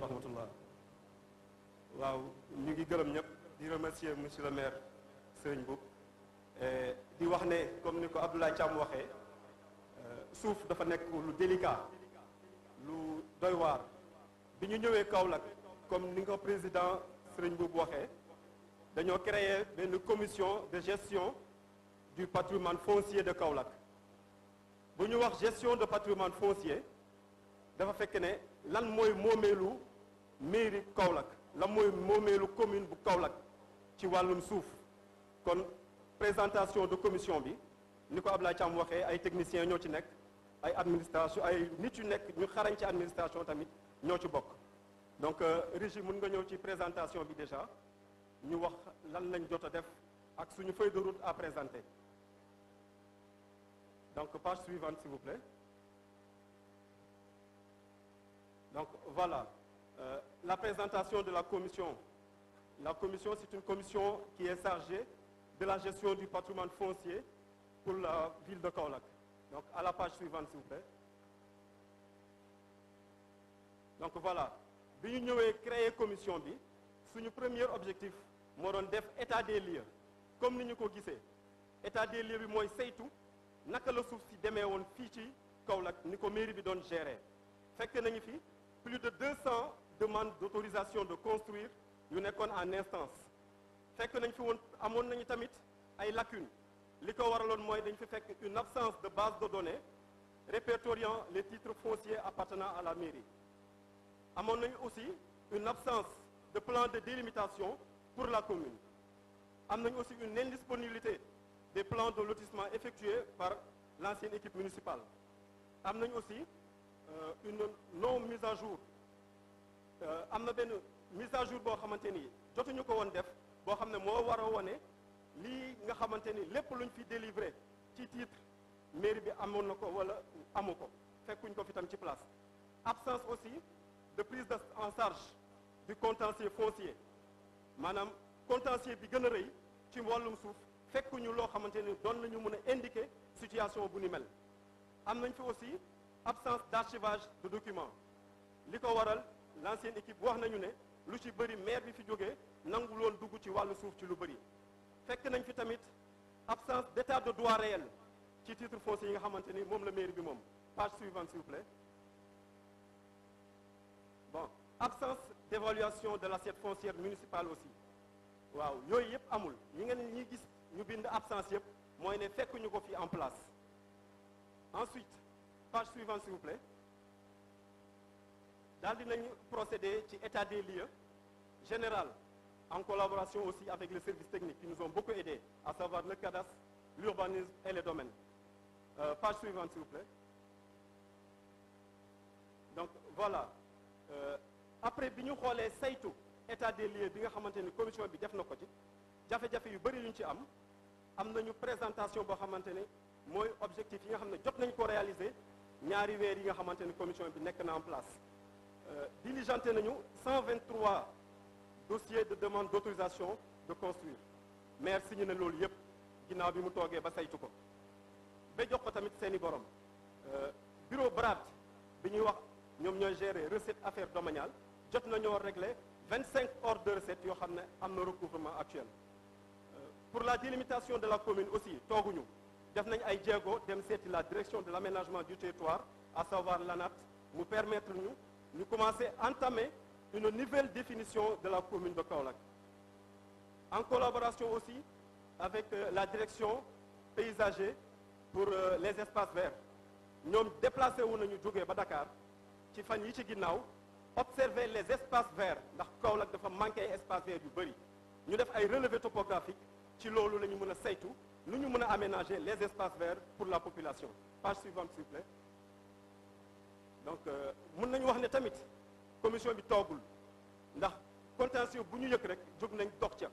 wa rahmatullah waaw ñu ngi gërëm ñëpp di remercier monsieur le maire Serigne Mboup eh, di wax ne comme ni ko Abdoulaye Thiam waxee eh, suuf dafa nekk lu délicat lu doy waar bi ñu ñëwee Kaolack comme ni ko président Serigne Mboup waxee dañoo créer benn commission de gestion du patrimoine foncier de Kaolack bu ñu wax gestion de patrimoine foncier dafa fekk ne lan mooy moomeelu mairie Kaolack la mooy moomeelu commune bu Kaolack ci wàllum suuf kon présentation de commission bi ni ko Ablaye Thiam waxee ay techniciens ñoo ci nekk ay administration ay nit yu nekk ñu xarañ ci administration tamit ñoo ci bokk donc euh, Régis mën nga ñëw ci présentation bi déjà ñu wax lan lañ jot a def ak suñu feuille de route à présenter donc page suivante s'il vous plaît donc voilà euh, la présentation de la commission. La commission, c'est une commission qui est chargée de la gestion du patrimoine foncier pour la ville de Kaolack. Donc, à la page suivante, s'il vous plaît. Donc, voilà. bi ñu ñëwee créer commission bi suñu premier objectif moo doon def état des comme ni ñu ko gisee état des lieux bi mooy saytu naka la suuf si demee woon fii ci Kaolack ni ko mairie bi doon gérer fekk nañu fi plus de 200 demande d' de construire yu nekkoon en instance fekk nañ fi woon amoon nañu tamit ay lacunes li ko waraloon mooy dañ fi fekk une absence de base de données répertoriant les titres fonciers appartenant à la mairie amoon nañu aussi une absence de plan de délimitation pour la commune am nañu aussi une indisponibilité des plans de lotissement effectués par l'ancienne équipe municipale am nañu aussi euh, une non mise à jour Euh, am na benn missage à jour boo xamante ni jotuñu ko woon def boo xam ne moo war a lii nga xamante ni lépp lu luñ fi délivré ci titre mairie bi amoon na ko wala amu ko fekkuñ ko fi tam ci place absence aussi de prise de en charge du contentieux foncier maanaam contentieux bi gën a rëy ci wàllum suuf fekkuñu loo xamante ni doon nañu mën a indiquer situation bu ni mel am nañ fi aussi absence d'archivage de documents li ko waral l'ancienne équipe wax nañu ne lu ci bëri maire bi fi jógee nangu loon dugg ci wàllu suuf ci lu bëri fekk nañ fi tamit absence d'état de droit réel ci titre foncier yi nga xamante ni moom la mairie bi moom page suivante s'il vous plaît bon absence d'évaluation de l'assiette foncière municipale aussi waaw yooyu yëpp amul ñi ngeen ñi gis ñu bind absence yëpp mooy ne fekk ñu ko fi en place ensuite page suivante s'il vous plaît daal dinañu procéder ci état des lieux général en collaboration aussi avec le service technique qui nous ont beaucoup aidés à savoir le cadastre l'urbanisme et les domaines euh, page suivante s'il vous plaît donc voilà euh, après bi ñu xoolee saytu état des lieux bi nga xamante ni commission bi def na ko ci jafe-jafe yu bëri yu ñu ci am am nañu présentation boo xamante ne mooy objectif yi nga xam ne jot nañ ko réaliser ñaari weer yi nga xamante ni commission bi nekk na en place Euh, diligenté nañu 123 dossiers de demande d'autorisation de construire maire ñu ne loolu yëpp ginnaaw bi mu toogee ba saytu ko ba jox ko tamit seeni borom euh, bureau BRAD bi ñuy wax ñoom ñooy gérer recette affaire domaniale jot na ñoo régler 25 ordres de recette yoo xam ne am na recouvrement actuel euh, pour la délimitation de la commune aussi tooguñu def nañ ay jéego dem seeti la direction de l'aménagement du territoire à savoir l'ANAT mu permettre ñu ñu commencé entamer une nouvelle définition de la commune de Kaolack en collaboration aussi avec euh, la direction paysager pour euh, les espaces verts ñoom déplacé wu nañu jógee ba Dakar ci fan yi ci ginnaaw observer les espaces verts ndax Kaolack dafa manqué ay espaces verts yu bëri ñu def ay relevés topographiques ci loolu la ñu mën a saytu nu ñu mën a aménager les espaces verts pour la population page suivante s'il donc euh, mun nañu wax ne tamit commission bi toogul ndax contentieux bu ñu yëg rek jóg nañ dox ca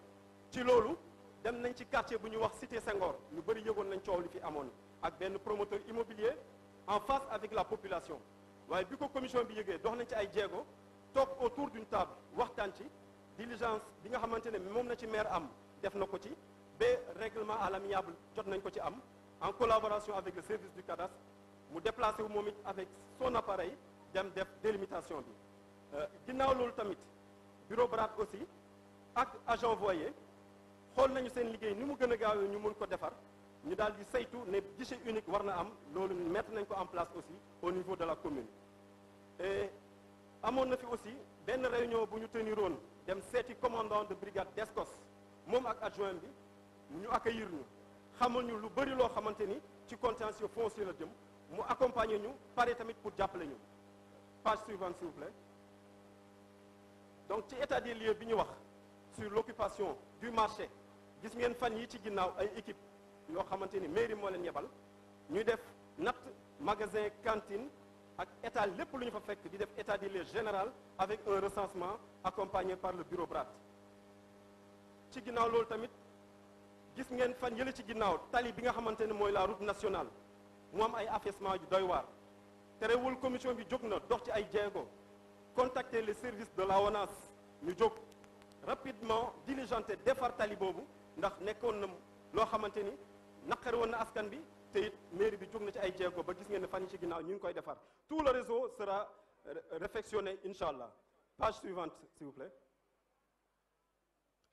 ci loolu dem nañ ci quartier bu ñu wax cité Senghor ñu bëri yëgoon nañ coow li fi amoon ak benn promoteur immobilier en face avec la population waaye bi ko commission bi yëgee dox nañ ci ay jéego toog autour d'une table waxtaan ci diligence bi nga xamante ne moom na ci maire am def na ko ci ba règlement à l'amiable jot nañ ko ci am en collaboration avec le service du cadastre mu déplacé wu moom it avec son appareil dem def délimitation bi euh, ginnaaw loolu tamit bureau BRAC aussi ak agent voyer xool nañu seen liggéey ni mu gën a gaawee ñu mun ko defar ñu daal di saytu ne guichet unique war na am loolu mettre nañ ko en place aussi au niveau de la commune et amoon na fi aussi benn réunion bu ñu teniroon dem seeti commandant de brigade d'Escos moom ak adjoint bi ñu accueillir ñu xamal ñu lu bëri loo xamante ni ci contentieux foncier la jëm mu accompagner ñu pare tamit pour jàppale ñu page suivante s'il donc ci état des lieux bi ñu wax sur l'occupation du marché gis ngeen fan yi ci ginnaaw ay équipe yoo xamante ni mairie moo leen yebal ñuy def natt magasin cantine ak état lépp lu ñu fa fekk di def état des lieux général avec un recensement accompagné par le bureau BRAT ci ginnaaw loolu tamit gis ngeen fan yële ci ginnaaw tali bi nga xamante ne mooy la route nationale mu am ay affaissement yu doy waar terewul commission bi jóg na dox ci ay jéego contacter les service de la ONAS ñu jóg rapidement diligenté defar tali boobu ndax nekkoon na loo xamante ni naqari woon na askan bi te it mairie bi jóg na ci ay jéego ba gis ngeen ne fan yi ci ginnaaw ñu ngi koy defar tout le réseau sera réfectionné incha allah page suivante s'il vous plaît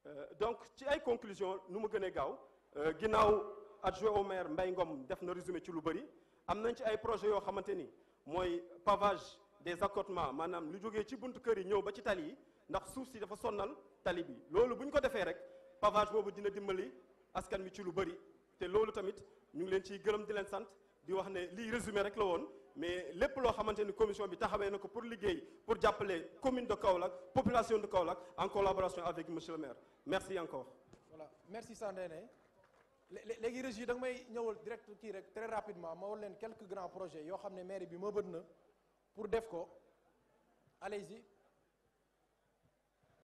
euh, donc ci ay conclusion nu mu gën a gaaw euh, ginnaaw adjoint au maire mbay Ngom def na résumé ci lu bëri am nañ ci ay projet yoo xamante ni mooy pavage des accotements maanaam lu jógee ci buntu kër yi ñëw ba ci tali yi ndax suuf si dafa sonnal tali bi loolu bu ñu ko defee rek pavage boobu dina dimbali askan wi ci lu bëri te loolu tamit ñu ngi leen ciy gërëm di leen sant di wax ne lii résumé rek la woon mais lépp loo xamante ni commission bi taxawee na ko pour liggéey pour jàppale commune de Kaolack population de Kaolack en collaboration avec monsieur le maire voilà merci Sandéné. léegi Régis da nga may ñëwal direct kii rek très rapidement ma war leen quelques grands projet yoo xam ne mairie bi ma bët na pour def ko allez